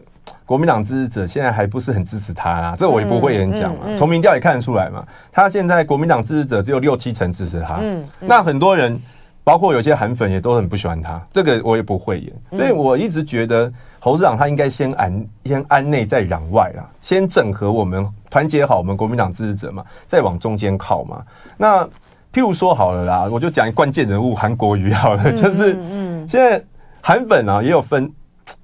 國民黨支持者現在還不是很支持他啦，這我也不會演講嘛。從、嗯嗯、民調也看得出來嘛，他現在國民黨支持者只有六七成支持他。嗯，嗯那很多人，包括有些韓粉也都很不喜歡他，這個我也不會演。所以我一直覺得，侯市長他應該先安先安內再攘外啦，先整合我們，團結好我們國民黨支持者嘛，再往中間靠嘛。那譬如說好了啦，我就講一關鍵人物韓國瑜好了，就是現在韓粉啊也有分。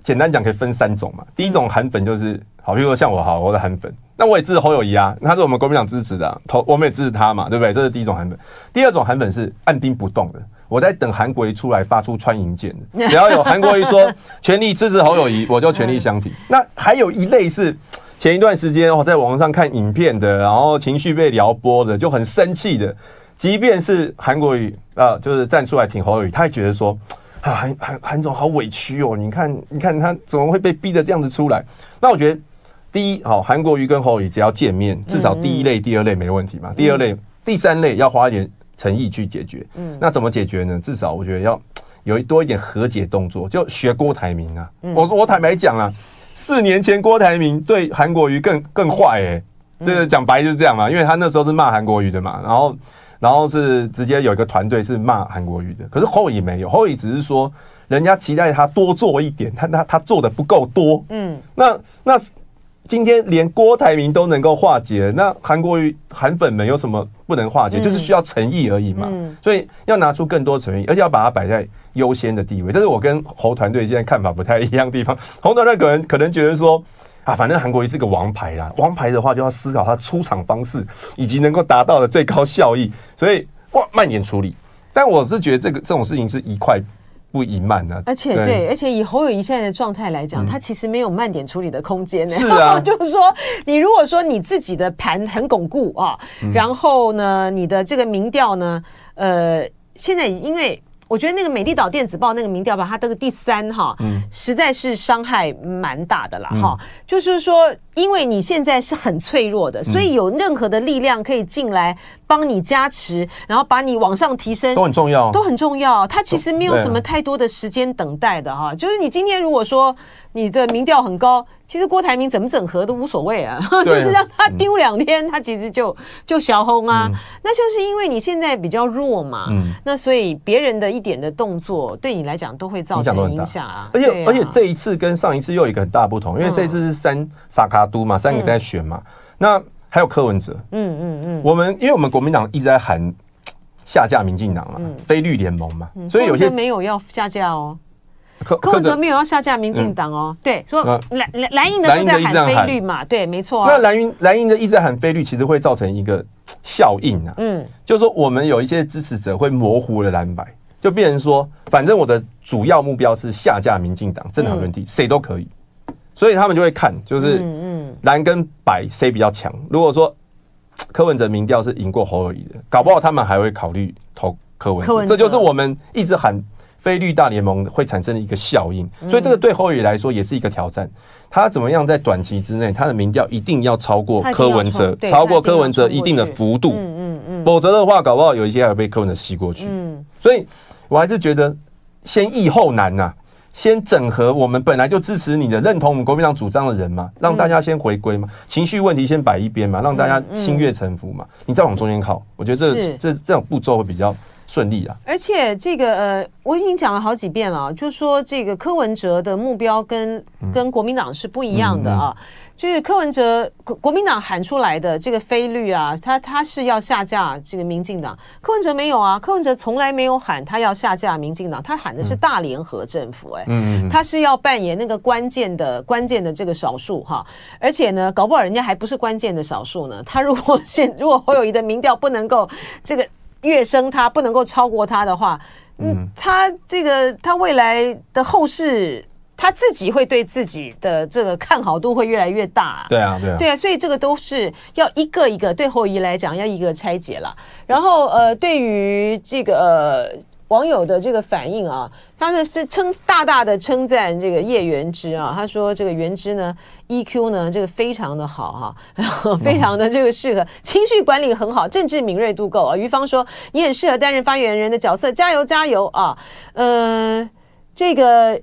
簡單講可以分三種嘛，第一種韓粉就是，好，比如說像我，好，我的韓粉，那我也支持侯友宜啊，他是我們國民黨支持的、啊，我們也支持他嘛，對不對？這是第一種韓粉。第二種韓粉是按兵不動的，我在等韓國瑜出來發出穿雲箭，只要有韓國瑜說 [LAUGHS] 全力支持侯友宜，我就全力相挺。 [LAUGHS] 那還有一類是前一段時間我、哦、在網上看影片的，然後情緒被撩撥的就很生氣的，即便是韓國瑜啊、呃，就是站出來挺侯友宜，他還覺得說。啊，韓韓韓總好委屈哦！你看，你看他怎麼會被逼得這樣子出來？那我覺得，第一，好、哦、韓國瑜跟侯友宜只要見面，至少第一類、第二類沒問題嘛。第二類、第三類要花一點誠意去解決。嗯，那怎麼解決呢？至少我覺得要有一多一點和解動作，就學郭台銘啊。嗯、我我坦白講啊，四年前郭台銘對韓國瑜更更壞、欸，這個講白就是這樣嘛，因為他那時候是罵韓國瑜的嘛，然後。然後是直接有一個團隊是罵韓國瑜的，可是侯益沒有，侯益只是說人家期待他多做一點，他他他做的不夠多，嗯，那那今天連郭台銘都能夠化解，那韓國瑜韓粉們有什麼不能化解？就是需要誠意而已嘛，嗯，所以要拿出更多誠意，而且要把它擺在優先的地位。這是我跟侯團隊現在看法不太一樣的地方，侯團隊可能可能覺得說。啊，反正韓國瑜是個王牌啦，王牌的話就要思考他出場方式以及能夠達到的最高效益，所以哇，慢點處理。但我是覺得這個這種事情是宜快不宜慢呢、啊。而且對，而且以侯友宜現在的狀態來講，嗯、他其實沒有慢點處理的空間呢。是啊、 [LAUGHS] 就是說你如果說你自己的盤很鞏固啊，嗯、然後呢，你的這個民調呢，呃，現在因為。我覺得那個美麗島電子報那個民調吧，它這個第三哈，實在是傷害蠻大的啦哈。嗯，就是說，因為你現在是很脆弱的，所以有任何的力量可以進來，幫你加持，然後把你往上提升，都很重要，都很重要。他其實沒有什麼太多的時間等待的哈，就是你今天如果說你的民調很高，其實郭台銘怎麼整合都無所謂啊，就是讓他丟兩天，他其實就就消風啊，那就是因為你現在比較弱嘛，那所以別人的一點的動作對你來講都會造成影響啊。而且而且這一次跟上一次又有一個很大的不同，因為這一次是三腳督嘛，三個在選嘛，那。還有柯文哲，嗯嗯嗯，我們因為我們國民黨一直在喊下架民進黨嘛，非綠聯盟嘛，所以有些沒有要下架哦。柯文哲沒有要下架民進黨哦，對，說藍藍藍營的在喊非綠嘛，對，沒錯啊。那藍營藍營的一直在喊非綠其實會造成一個效應啊，嗯，就是說我們有一些支持者會模糊了藍白，就變成說，反正我的主要目標是下架民進黨，政黨輪替誰都可以，所以他們就會看，就是。藍跟白誰比較強？如果說柯文哲民調是贏過侯友宜的，搞不好他們還會考慮投柯文哲，哲，哲，這就是我們一直喊“非綠大聯盟”會產生的一個效應，嗯、所以這個對侯友宜來說也是一個挑戰。他怎麼樣在短期之內，他的民調一定要超過柯文哲，過，超過柯文哲一定的幅度。嗯嗯嗯、否則的話，搞不好有一些還被柯文哲吸過去。嗯、所以我還是覺得先易後難吶、啊。先整合我們本來就支持你的、認同我們國民黨主張的人嘛，讓大家先回歸嘛，情緒問題先擺一邊嘛，讓大家心悅誠服嘛，嗯嗯、你再往中間靠，我覺得這是這這，這種步驟會比較。順利啊！而且這個呃，我已經講了好幾遍了、啊，就說這個柯文哲的目標跟、嗯、跟國民黨是不一樣的啊。嗯嗯、就是柯文哲國，國民黨喊出來的這個“非綠啊，他他是要下架這個民進黨。柯文哲沒有啊，柯文哲從來沒有喊他要下架民進黨，他喊的是大聯合政府、欸。哎、嗯，嗯嗯，他是要扮演那個關鍵的關鍵的這個少數哈、啊。而且呢，搞不好人家還不是關鍵的少數呢。他如果現如果侯友宜的民調不能夠這個。越升，他不能夠超過他的話，嗯，他這個他未來的後市，他自己會對自己的這個看好度會越來越大，對啊，對啊，對啊，所以這個都是要一個一個對侯友宜來講要一個拆解了。然後呃，對於這個、呃、網友的這個反應啊。他們是稱大大的稱讚這個葉元之啊，他說這個元之呢，EQ 呢這個非常的好哈、啊，然後非常的這個適合，情緒管理很好，政治敏銳度夠啊。於芳說你很適合擔任發言人的角色，加油加油啊！嗯、呃，這個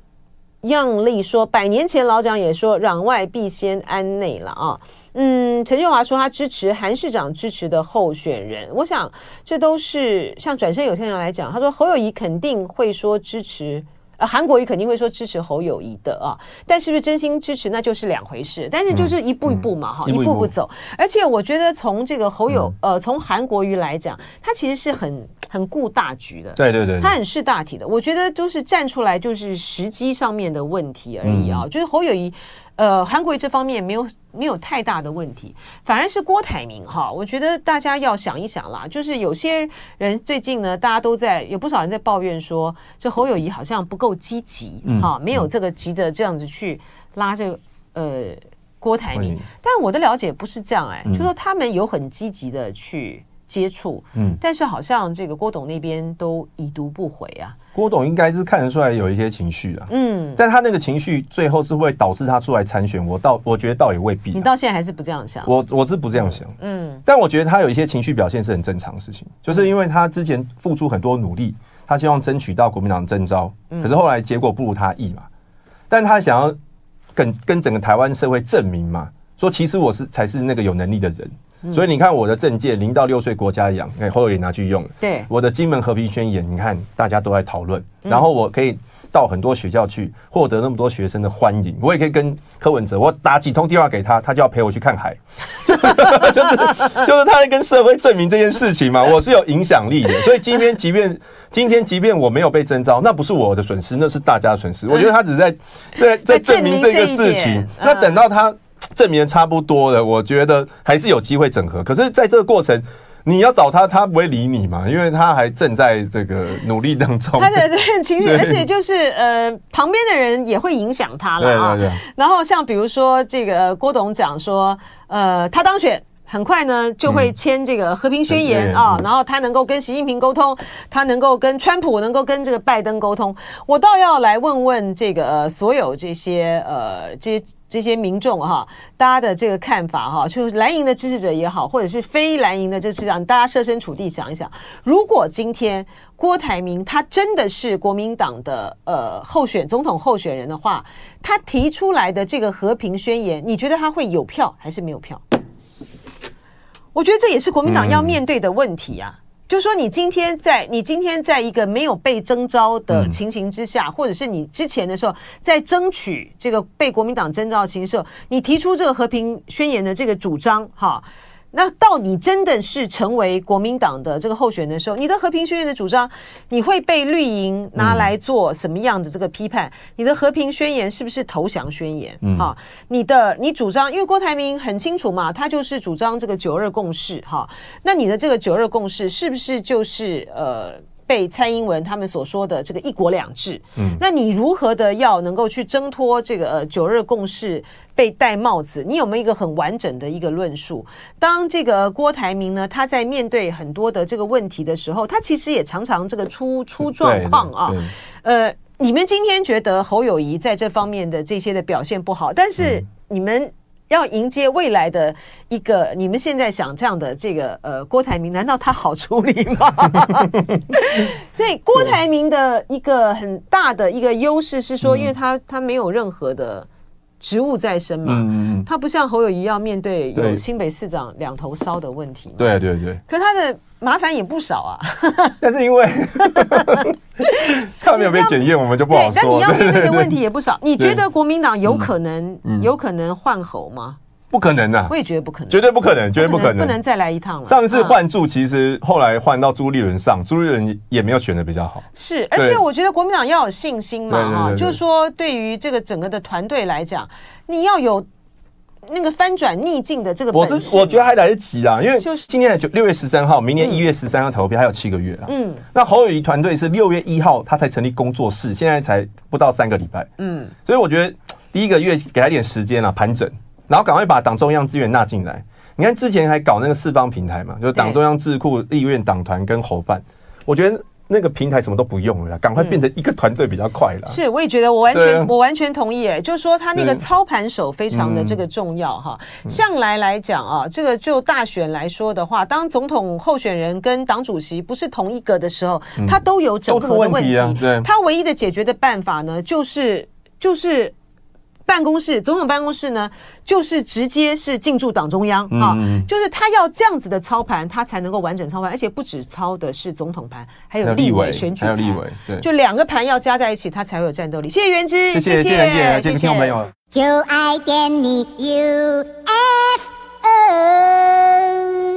樣例說百年前老蔣也說攘外必先安內了啊。嗯，陳秀華說他支持韓市長支持的候選人，我想這都是像轉身有天堂來講，他說侯友宜肯定會說支持，呃，韓國瑜肯定會說支持侯友宜的啊，但是不是真心支持那就是兩回事。但是就是一步一步嘛，嗯、哈，一步一步，一步步走。而且我覺得從這個侯友呃，從韓國瑜來講，他其實是很很顧大局的，對，對對對，他很識大體的。我覺得就是站出來就是時機上面的問題而已啊，嗯、就是侯友宜。呃，韓國這方面沒有沒有太大的問題，反而是郭台銘哈，我覺得大家要想一想啦，就是有些人最近呢，大家都在有不少人在抱怨說，這侯友宜好像不夠積極哈，沒有這個急着這樣子去拉、這個呃郭台銘，嗯、但我的了解不是這樣哎、欸，嗯、就說他們有很積極的去接觸，嗯，但是好像這個郭董那邊都已讀不回啊。郭董應該是看得出來有一些情緒了啊，嗯，但他那個情緒最後是會導致他出來參選，我倒我覺得倒也未必啊。你到現在還是不這樣想？我我是不這樣想，嗯，嗯，但我覺得他有一些情緒表現是很正常的事情，就是因為他之前付出很多努力，他希望爭取到國民黨的徵召，可是後來結果不如他意嘛，嗯，但他想要跟跟整個台灣社會證明嘛，說其實我是才是那個有能力的人。所以你看，我的政見零到六歲國家養，嗯、後來也拿去用。對，我的《金門和平宣言》，你看大家都在討論，嗯、然後我可以到很多學校去，獲得那麼多學生的歡迎。我也可以跟柯文哲，我打幾通電話給他，他就要陪我去看海。 [LAUGHS] [LAUGHS] 就是就是他在跟社會證明這件事情嘛，我是有影響力的。所以今天，即便今天即便我沒有被徵召，那不是我的損失，那是大家的損失。嗯、我覺得他只是在在在證明這個事情。嗯、那等到他。證明差不多的，我覺得還是有機會整合。可是，在這個過程，你要找他，他不會理你嘛，因為他還正在這個努力當中。他的這個情緒，對對對對，而且就是呃，旁邊的人也會影響他了喔，對，對。對對，然後，像比如說這個郭董講說，呃，他當選。很快呢，就會簽這個和平宣言。嗯對對嗯、啊，然後他能夠跟習近平溝通，他能夠跟川普，能夠跟這個拜登溝通。我倒要來問問這個、呃、所有這些呃，這這些民眾哈，大家的這個看法哈，就是藍營的支持者也好，或者是非藍營的支持者，大家設身處地想一想，如果今天郭台銘他真的是國民黨的呃候選總統候選人的話，他提出來的這個和平宣言，你覺得他會有票還是沒有票？我覺得這也是國民黨要面對的問題啊，嗯、就是說你今天在你今天在一個沒有被徵召的情形之下，或者是你之前的時候在爭取這個被國民黨徵召的情形的時候，你提出這個和平宣言的這個主張，哈。那到你真的是成為國民黨的這個候選人的時候，你的和平宣言的主張，你會被綠營拿來做什麼樣的這個批判？嗯、你的和平宣言是不是投降宣言？哈、嗯哦，你的你主張，因為郭台銘很清楚嘛，他就是主張這個九二共識，哈、哦。那你的這個九二共識是不是就是呃被蔡英文他們所說的這個一國兩制？嗯，那你如何的要能夠去掙脫這個呃九二共識？被戴帽子，你有沒有一個很完整的一個論述？當這個郭台銘呢，他在面對很多的這個問題的時候，他其實也常常這個出出狀況啊。對對呃，你們今天覺得侯友宜在這方面的這些的表現不好，但是你們要迎接未來的一個，你們現在想這樣的這個呃郭台銘，難道他好處理嗎？ [LAUGHS] [LAUGHS] 所以郭台銘的一個很大的一個優勢是說，因為他、嗯、他沒有任何的。職務在身嘛，他、嗯、不像侯友宜要面對有新北市長兩頭燒的問題。對對對，可他的麻煩也不少啊。對 [LAUGHS] 但是因為 [LAUGHS] [LAUGHS] 他們有沒有檢驗，我們就不好說不。但你要面對的問題也不少。對對對，你覺得國民黨有可能、對對對，有可能換侯嗎？嗯嗯嗯不可能啊，我也覺得不可能，絕對不可能，可能絕對不可能，不能，不能再來一趟了。上次換柱，其實後來換到朱立倫上，嗯、朱立倫也沒有選的比較好。是，而且對我覺得國民黨要有信心嘛，哈，就是說對於這個整個的團隊來講，你要有那個翻轉逆境的這個本。本是我覺得還來得及啊，因為今年九六月十三號，明年一月十三號投票還有七個月了。嗯，那侯友宜團隊是六月一號他才成立工作室，現在才不到三個禮拜。嗯，所以我覺得第一個月給他點時間啊，盤整。然後趕快把黨中央資源納進來。你看之前還搞那個四方平台嘛，就是黨中央智庫、立院黨團跟侯辦。我覺得那個平台什麼都不用了，啊，趕快變成一個團隊比較快了，啊嗯。是，我也覺得，我完全對我完全同意誒，就是說他那個操盤手非常的這個重要哈。嗯嗯、向來來講啊，這個就大選來說的話，當總統候選人跟黨主席不是同一個的時候，他都有整合的問題。嗯，問題啊，對他唯一的解決的辦法呢，就是就是。辦公室，總統辦公室呢，就是直接是進駐黨中央啊、嗯哦，就是他要這樣子的操盤，他才能夠完整操盤，而且不止操的是總統盤，還有立委，有立委選舉，還有立委，對，就兩個盤要加在一起，他才會有戰鬥力。謝謝元之，謝謝謝謝謝謝，就愛給你 UFO。U, F,